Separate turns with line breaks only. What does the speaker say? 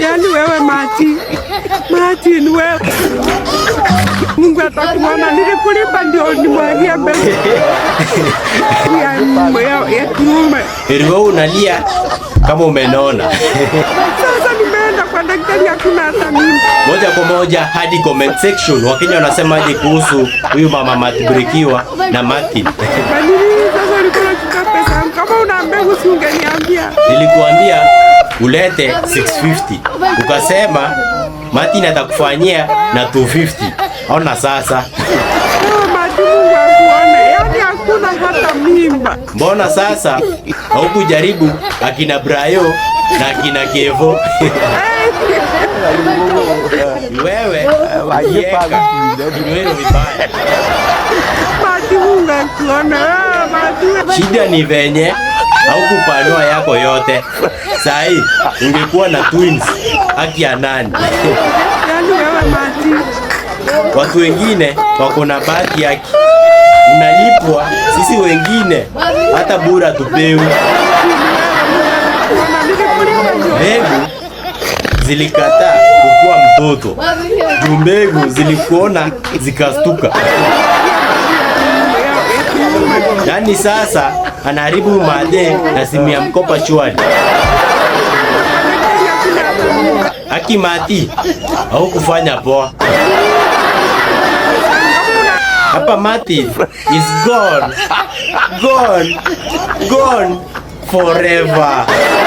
Yaani wewe Mati, Mati ni wewe. Mungu atakuona, nilikulipa ndio nimwagia ya kiume.
Yaani unalia kama umenona.
Sasa nimeenda kwa daktari hakuna hata mimi.
Moja kwa moja hadi comment section. Wakenya aje kuhusu huyu mama Mati Burikiwa na Mati?
Yaani sasa pesa. Kama una mbegu si ungeniambia.
Nilikuambia ulete 650 ukasema Martin atakufanyia na 250. Ona sasa
yaani
mbona sasa huku jaribu akina Brayo na akina Kevo? Wewe uh, wajeka wewe vibaya. Shida ni venye Haukupanua yako yote. Saa hii ingekuwa na twins, haki ya nani? Yaani Watu wengine wako na baki yake, unalipwa. Sisi wengine hata bura tupewi. Mbegu zilikataa kukua mtoto juu mbegu zilikuona zikastuka. Yaani sasa anaharibu maadhe na simu ya mkopa shwari. Aki Mati, au kufanya poa hapa. Mati is gone, gone, gone forever.